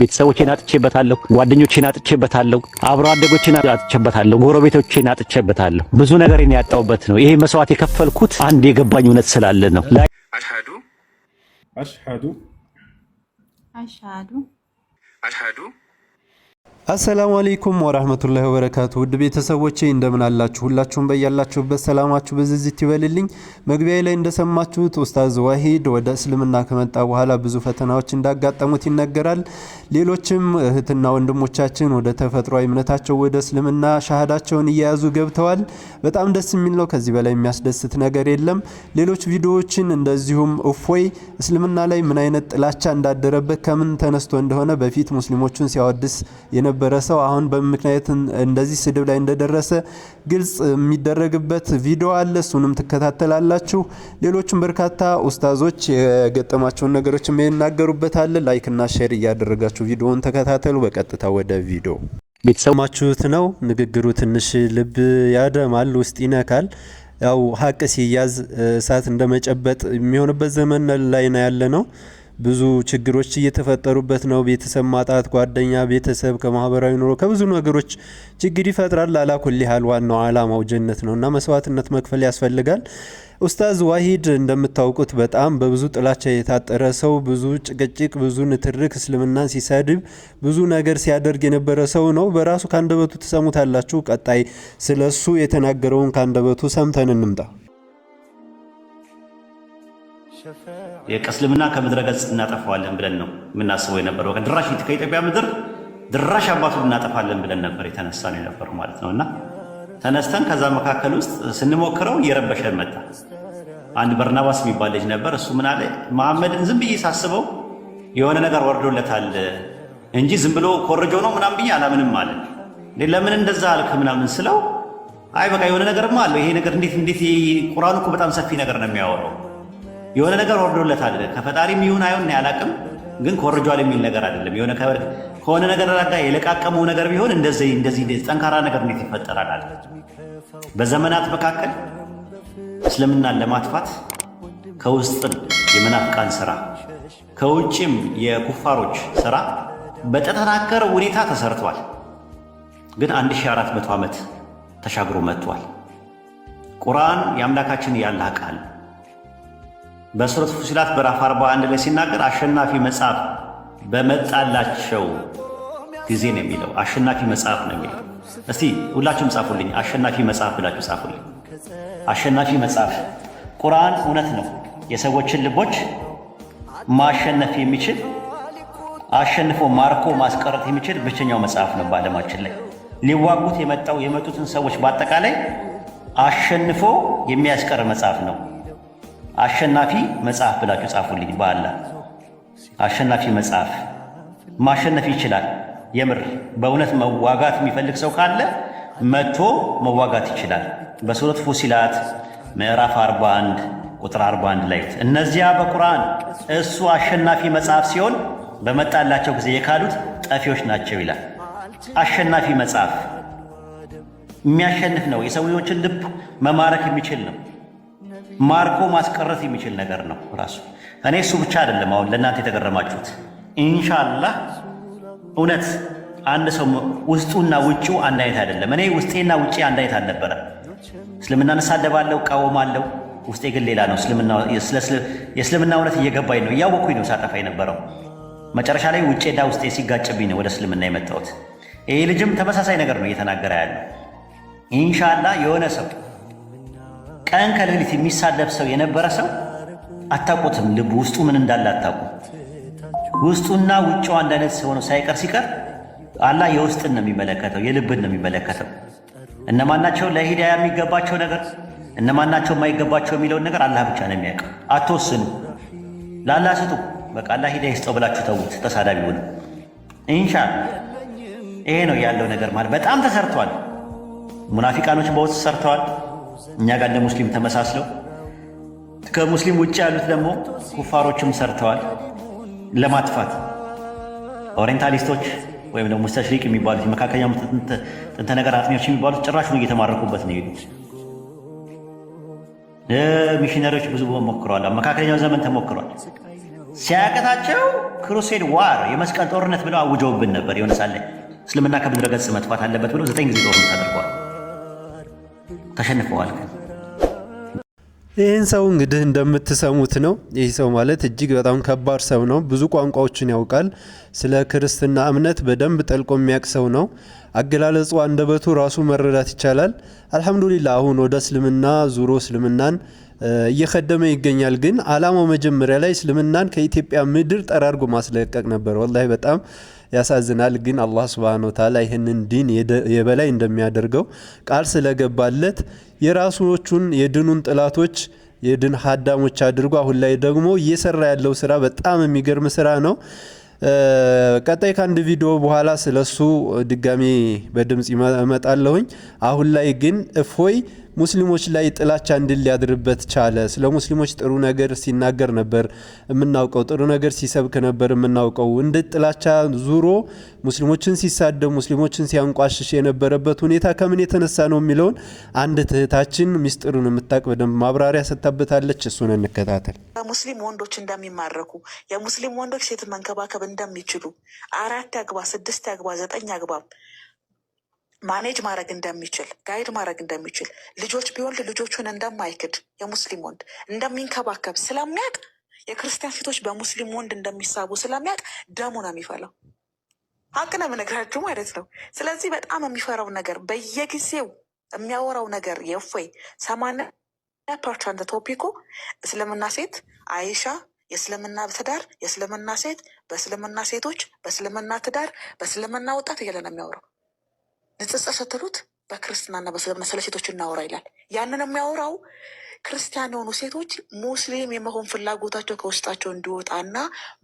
ቤተሰቦቼን አጥቼበታለሁ፣ ጓደኞቼን አጥቼበታለሁ፣ አብሮ አደጎቼን አጥቼበታለሁ፣ ጎረቤቶቼን አጥቼበታለሁ። ብዙ ነገሬን ያጣውበት ነው። ይሄ መስዋዕት የከፈልኩት አንድ የገባኝ እውነት ስላለ ነው። አሽሃዱ አሽሃዱ አሽሃዱ አሰላሙ አሌይኩም ወራህመቱላሂ ወበረካቱ ውድ ቤተሰቦቼ እንደምን አላችሁ? ሁላችሁም በያላችሁበት ሰላማችሁ በዝዝት ይበልልኝ። መግቢያ ላይ እንደሰማችሁት ኡስታዝ ዋሂድ ወደ እስልምና ከመጣ በኋላ ብዙ ፈተናዎች እንዳጋጠሙት ይነገራል። ሌሎችም እህትና ወንድሞቻችን ወደ ተፈጥሯዊ እምነታቸው ወደ እስልምና ሻሃዳቸውን እየያዙ ገብተዋል። በጣም ደስ የሚል ነው። ከዚህ በላይ የሚያስደስት ነገር የለም። ሌሎች ቪዲዮዎችን እንደዚሁም እፎይ እስልምና ላይ ምን አይነት ጥላቻ እንዳደረበት ከምን ተነስቶ እንደሆነ በፊት ሙስሊሞቹን ሲያወድስ የነ የነበረ ሰው አሁን በምክንያት እንደዚህ ስድብ ላይ እንደደረሰ ግልጽ የሚደረግበት ቪዲዮ አለ። እሱንም ትከታተላላችሁ። ሌሎችም በርካታ ኡስታዞች የገጠማቸውን ነገሮች የሚናገሩበት የሚናገሩበታል። ላይክና ሼር እያደረጋችሁ ቪዲዮውን ተከታተሉ። በቀጥታ ወደ ቪዲዮ ቤተሰማችሁት ነው። ንግግሩ ትንሽ ልብ ያደማል፣ ውስጥ ይነካል። ያው ሀቅ ሲያዝ እሳት እንደመጨበጥ የሚሆንበት ዘመን ላይ ነው ያለ ነው። ብዙ ችግሮች እየተፈጠሩበት ነው። ቤተሰብ ማጣት፣ ጓደኛ፣ ቤተሰብ ከማህበራዊ ኑሮ ከብዙ ነገሮች ችግር ይፈጥራል። አላኩል ያህል ዋናው አላማው ጀነት ነው እና መስዋዕትነት መክፈል ያስፈልጋል። ኡስታዝ ዋሂድ እንደምታውቁት በጣም በብዙ ጥላቻ የታጠረ ሰው፣ ብዙ ጭቅጭቅ፣ ብዙ ንትርክ፣ እስልምናን ሲሰድብ ብዙ ነገር ሲያደርግ የነበረ ሰው ነው። በራሱ ካንደበቱ ትሰሙታላችሁ። ቀጣይ ስለሱ የተናገረውን ካንደበቱ ሰምተን እንምጣ። እስልምና ከምድረገጽ እናጠፋዋለን ብለን ነው የምናስበው የነበረው። ድራሽ ከኢትዮጵያ ምድር ድራሽ አባቱን እናጠፋለን ብለን ነበር የተነሳ ነው የነበሩ ማለት ነው። እና ተነስተን ከዛ መካከል ውስጥ ስንሞክረው እየረበሸን መጣ። አንድ በርናባስ የሚባል ልጅ ነበር። እሱ ምን አለ፣ መሐመድን ዝም ብዬ ሳስበው የሆነ ነገር ወርዶለታል እንጂ ዝም ብሎ ኮርጆ ነው ምናምን ብዬ አላምንም አለ። ለምን እንደዛ አልክ ምናምን ስለው፣ አይ በቃ የሆነ ነገርማ አለው ይሄ ነገር እንዴት እንዴት ቁርአኑ እኮ በጣም ሰፊ ነገር ነው የሚያወራው የሆነ ነገር ወርዶለት አለ ከፈጣሪም ይሁን አይሆን ያላቅም፣ ግን ኮርጇል የሚል ነገር አይደለም። የሆነ ከሆነ ነገር ጋ የለቃቀመው ነገር ቢሆን እንደዚህ እንደዚህ ጠንካራ ነገር እንዴት ይፈጠራል አለ። በዘመናት መካከል እስልምናን ለማጥፋት ከውስጥም የመናፍቃን ስራ ከውጭም የኩፋሮች ስራ በተጠናከረ ሁኔታ ተሰርቷል። ግን 1400 ዓመት ተሻግሮ መጥቷል። ቁርአን የአምላካችን ያላቃል በሱረት ፉሲላት በራፍ 41 ላይ ሲናገር አሸናፊ መጽሐፍ በመጣላቸው ጊዜ ነው የሚለው። አሸናፊ መጽሐፍ ነው የሚለው። እስቲ ሁላችሁም ጻፉልኝ፣ አሸናፊ መጽሐፍ ብላችሁ ጻፉልኝ። አሸናፊ መጽሐፍ። ቁርአን እውነት ነው፣ የሰዎችን ልቦች ማሸነፍ የሚችል አሸንፎ ማርኮ ማስቀረት የሚችል ብቸኛው መጽሐፍ ነው በዓለማችን ላይ ሊዋጉት የመጣው የመጡትን ሰዎች በአጠቃላይ አሸንፎ የሚያስቀር መጽሐፍ ነው። አሸናፊ መጽሐፍ ብላችሁ ጻፉልኝ። በአላ አሸናፊ መጽሐፍ ማሸነፍ ይችላል። የምር በእውነት መዋጋት የሚፈልግ ሰው ካለ መጥቶ መዋጋት ይችላል። በሱረት ፉሲላት ምዕራፍ 41 ቁጥር 41 ላይ እነዚያ በቁርአን እሱ አሸናፊ መጽሐፍ ሲሆን በመጣላቸው ጊዜ የካሉት ጠፊዎች ናቸው ይላል። አሸናፊ መጽሐፍ የሚያሸንፍ ነው። የሰው ልጆችን ልብ መማረክ የሚችል ነው። ማርኮ ማስቀረት የሚችል ነገር ነው ራሱ። እኔ እሱ ብቻ አይደለም አሁን ለእናንተ የተገረማችሁት። ኢንሻላህ እውነት አንድ ሰው ውስጡና ውጭው አንድ አይነት አይደለም። እኔ ውስጤና ውጭ አንድ አይነት አልነበረ። እስልምና እንሳደባለሁ፣ እቃወማለሁ። ውስጤ ግን ሌላ ነው። የእስልምና እውነት እየገባኝ ነው፣ እያወኩኝ ነው ሳጠፋ የነበረው። መጨረሻ ላይ ውጭና ውስጤ ሲጋጭብኝ ነው ወደ እስልምና የመጣሁት። ይህ ልጅም ተመሳሳይ ነገር ነው እየተናገረ ያለው። ኢንሻላህ የሆነ ሰው ቀን ከሌሊት የሚሳለፍ ሰው የነበረ ሰው አታውቁትም። ልቡ ውስጡ ምን እንዳለ አታውቁም። ውስጡና ውጭው አንድ አይነት ሰው ነው ሳይቀር ሲቀር አላህ የውስጥን ነው የሚመለከተው፣ የልብን ነው የሚመለከተው። እነማናቸው ለሂዳያ የሚገባቸው ነገር እነማናቸው የማይገባቸው የሚለውን ነገር አላህ ብቻ ነው የሚያውቀው። አትወስኑ፣ ለአላህ ስጡ። በቃ አላህ ሂዳያ ይስጠው ብላችሁ ተዉት። ተሳዳቢ ሆኑ ኢንሻ ይሄ ነው ያለው ነገር ማለት በጣም ተሰርተዋል። ሙናፊቃኖች በውስጥ ሰርተዋል። እኛ ጋር እንደ ሙስሊም ተመሳስለው ከሙስሊም ውጭ ያሉት ደግሞ ኩፋሮችም ሰርተዋል ለማጥፋት ኦሪንታሊስቶች ወይም ደግሞ ሙስተሽሪቅ የሚባሉት የመካከለኛ ጥንተ ነገር አጥኚዎች የሚባሉት ነው እየተማረኩበት ነው ሄዱት። ሚሽነሪዎች ብዙ ሞክረዋል። መካከለኛው ዘመን ተሞክሯል። ሲያቀታቸው ክሩሴድ ዋር የመስቀል ጦርነት ብለው አውጀውብን ነበር። የሆነ ሳለ እስልምና ከምድረ ገጽ መጥፋት አለበት ብለው ዘጠኝ ጊዜ ጦርነት አድርገዋል። ተሸንፈዋል። ይህን ሰው እንግዲህ እንደምትሰሙት ነው። ይህ ሰው ማለት እጅግ በጣም ከባድ ሰው ነው። ብዙ ቋንቋዎችን ያውቃል። ስለ ክርስትና እምነት በደንብ ጠልቆ የሚያውቅ ሰው ነው። አገላለጹ አንደበቱ ራሱ መረዳት ይቻላል። አልሐምዱሊላ አሁን ወደ እስልምና ዙሮ እስልምናን እየከደመ ይገኛል። ግን አላማው መጀመሪያ ላይ እስልምናን ከኢትዮጵያ ምድር ጠራርጎ ማስለቀቅ ነበር። ወላሂ በጣም ያሳዝናል። ግን አላህ ስብሃነ ወተዓላ ይህንን ዲን የበላይ እንደሚያደርገው ቃል ስለገባለት የራሶቹን የድኑን ጥላቶች የድን ሀዳሞች አድርጎ አሁን ላይ ደግሞ እየሰራ ያለው ስራ በጣም የሚገርም ስራ ነው። ቀጣይ ከአንድ ቪዲዮ በኋላ ስለሱ ድጋሜ በድምፅ እመጣለሁኝ። አሁን ላይ ግን እፎይ ሙስሊሞች ላይ ጥላቻ እንድል ሊያድርበት ቻለ? ስለ ሙስሊሞች ጥሩ ነገር ሲናገር ነበር የምናውቀው፣ ጥሩ ነገር ሲሰብክ ነበር የምናውቀው። እንደ ጥላቻ ዙሮ ሙስሊሞችን ሲሳደብ፣ ሙስሊሞችን ሲያንቋሽሽ የነበረበት ሁኔታ ከምን የተነሳ ነው የሚለውን አንድ እህታችን ሚስጥሩን የምታውቅ በደንብ ማብራሪያ ሰጥታበታለች። እሱን እንከታተል። ሙስሊም ወንዶች እንደሚማረኩ የሙስሊም ወንዶች ሴት መንከባከብ እንደሚችሉ አራት ያግባ፣ ስድስት ያግባ፣ ዘጠኝ አግባብ ማኔጅ ማድረግ እንደሚችል ጋይድ ማድረግ እንደሚችል ልጆች ቢወልድ ልጆቹን እንደማይክድ የሙስሊም ወንድ እንደሚንከባከብ ስለሚያውቅ የክርስቲያን ሴቶች በሙስሊም ወንድ እንደሚሳቡ ስለሚያውቅ ደሙ ነው የሚፈላው። ሀቅ ነው የምነግራችሁ ማለት ነው። ስለዚህ በጣም የሚፈራው ነገር በየጊዜው የሚያወራው ነገር የፎይ ሰማንያ ፐርሰንት ቶፒኩ እስልምና ሴት አይሻ የእስልምና ትዳር የእስልምና ሴት በእስልምና ሴቶች በእስልምና ትዳር በእስልምና ወጣት እያለ ነው የሚያወራው። ንጽጽር ስትሉት በክርስትናና ስለ ሴቶች እናወራ ይላል። ያንን የሚያወራው ክርስቲያን የሆኑ ሴቶች ሙስሊም የመሆን ፍላጎታቸው ከውስጣቸው እንዲወጣ እና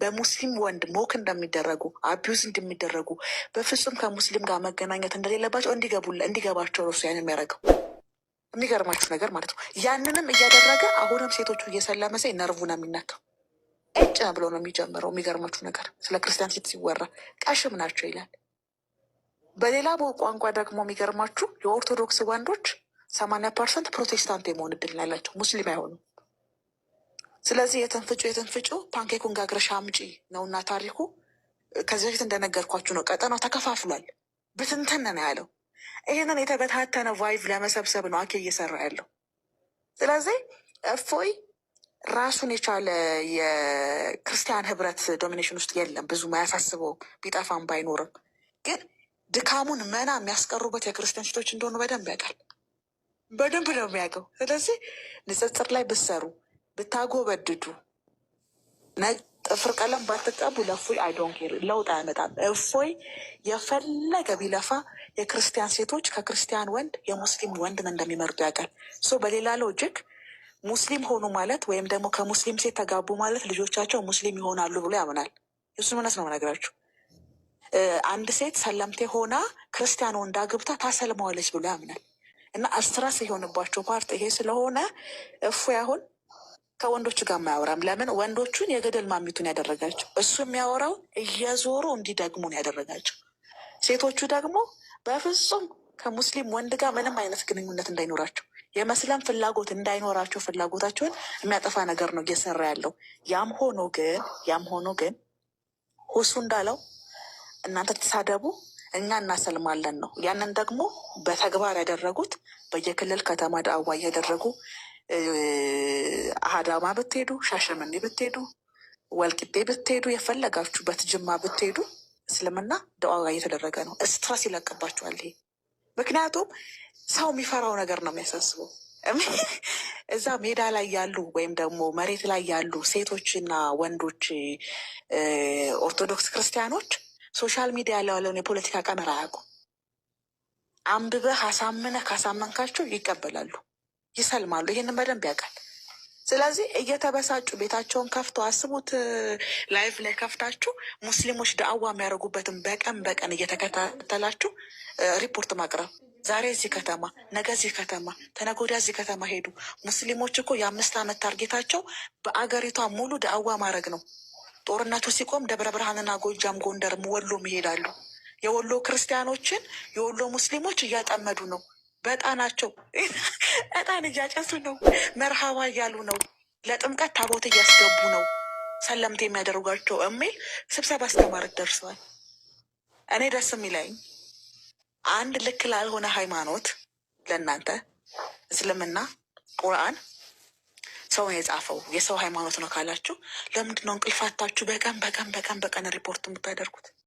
በሙስሊም ወንድ ሞክ እንደሚደረጉ አቢዩዝ እንደሚደረጉ በፍጹም ከሙስሊም ጋር መገናኘት እንደሌለባቸው እንዲገባቸው ነው እሱ ያን የሚያደርገው። የሚገርማችሁ ነገር ማለት ነው። ያንንም እያደረገ አሁንም ሴቶቹ እየሰለመ ሰ ነርቡ ነው የሚነካው። እጭ ብሎ ነው የሚጀምረው። የሚገርማችሁ ነገር ስለ ክርስቲያን ሴት ሲወራ ቀሽም ናቸው ይላል። በሌላ ቋንቋ ደግሞ የሚገርማችሁ የኦርቶዶክስ ወንዶች ሰማንያ ፐርሰንት ፕሮቴስታንት የመሆን እድል ያላቸው፣ ሙስሊም አይሆኑም። ስለዚህ የተንፍጩ የተንፍጩ ፓንኬኩን ጋግረሻ አምጪ ነውና ታሪኩ ከዚህ በፊት እንደነገርኳችሁ ነው። ቀጠናው ተከፋፍሏል፣ ብትንትን ነው ያለው። ይህንን የተበታተነ ቫይቭ ለመሰብሰብ ነው አኬ እየሰራ ያለው። ስለዚህ እፎይ ራሱን የቻለ የክርስቲያን ህብረት ዶሚኔሽን ውስጥ የለም። ብዙ ማያሳስበው ቢጠፋም ባይኖርም ግን ድካሙን መና የሚያስቀሩበት የክርስቲያን ሽቶች እንደሆኑ በደንብ ያውቃል። በደንብ ነው የሚያውቀው። ስለዚህ ንጽጽር ላይ ብሰሩ ብታጎበድዱ፣ ጥፍር ቀለም ባትቀቡ ለእፎይ አይዶንኬር ለውጥ አያመጣም። እፎይ የፈለገ ቢለፋ የክርስቲያን ሴቶች ከክርስቲያን ወንድ የሙስሊም ወንድን እንደሚመርጡ ያውቃል። ሶ በሌላ ሎጂክ ሙስሊም ሆኑ ማለት ወይም ደግሞ ከሙስሊም ሴት ተጋቡ ማለት ልጆቻቸው ሙስሊም ይሆናሉ ብሎ ያምናል። የሱስ እምነት ነው መነግራችሁ አንድ ሴት ሰለምቴ ሆና ክርስቲያን ወንድ አግብታ ታሰልመዋለች ብሎ ያምናል እና አስትራስ የሆንባቸው ፓርት ይሄ ስለሆነ እፉ ያሁን ከወንዶቹ ጋር ማያወራም። ለምን ወንዶቹን የገደል ማሚቱን ያደረጋቸው እሱ የሚያወራው እየዞሩ እንዲደግሙን ያደረጋቸው። ሴቶቹ ደግሞ በፍጹም ከሙስሊም ወንድ ጋር ምንም አይነት ግንኙነት እንዳይኖራቸው የመስለም ፍላጎት እንዳይኖራቸው ፍላጎታቸውን የሚያጠፋ ነገር ነው እየሰራ ያለው። ያም ሆኖ ግን ያም ሆኖ ግን ሁሱ እንዳለው እናንተ ተሳደቡ፣ እኛ እናሰልማለን ነው። ያንን ደግሞ በተግባር ያደረጉት በየክልል ከተማ ዳዋ እያደረጉ አዳማ ብትሄዱ፣ ሻሸመኔ ብትሄዱ፣ ወልቂጤ ብትሄዱ፣ የፈለጋችሁበት ጅማ ብትሄዱ እስልምና ደዋጋ እየተደረገ ነው። ስትረስ ይለቅባችኋል ይሄ። ምክንያቱም ሰው የሚፈራው ነገር ነው የሚያሳስበው እዛ ሜዳ ላይ ያሉ ወይም ደግሞ መሬት ላይ ያሉ ሴቶችና ወንዶች ኦርቶዶክስ ክርስቲያኖች ሶሻል ሚዲያ ላይ የፖለቲካ ቀመር አያውቁ አንብበህ አሳምነህ ካሳመንካቸው ይቀበላሉ፣ ይሰልማሉ። ይህንን በደንብ ያውቃል። ስለዚህ እየተበሳጩ ቤታቸውን ከፍተው አስቡት። ላይፍ ላይ ከፍታችሁ ሙስሊሞች ደአዋ የሚያደርጉበትን በቀን በቀን እየተከታተላችሁ ሪፖርት ማቅረብ ዛሬ እዚህ ከተማ፣ ነገ እዚህ ከተማ፣ ተነገ ወዲያ እዚህ ከተማ ሄዱ። ሙስሊሞች እኮ የአምስት ዓመት ታርጌታቸው በአገሪቷ ሙሉ ደአዋ ማድረግ ነው። ጦርነቱ ሲቆም ደብረ ብርሃንና ጎጃም፣ ጎንደርም ወሎም ይሄዳሉ። የወሎ ክርስቲያኖችን የወሎ ሙስሊሞች እያጠመዱ ነው። በዕጣናቸው እጣን እያጨሱ ነው። መርሃባ እያሉ ነው። ለጥምቀት ታቦት እያስገቡ ነው። ሰለምት የሚያደርጓቸው የሚል ስብሰባ አስተማረት ደርሰዋል። እኔ ደስ የሚለኝ አንድ ልክ ላልሆነ ሃይማኖት ለእናንተ እስልምና ቁርአን ሰው የጻፈው የሰው ሃይማኖት ነው ካላችሁ ለምንድን ነው እንቅልፋታችሁ በቀን በቀን በቀን በቀን ሪፖርት የምታደርጉት?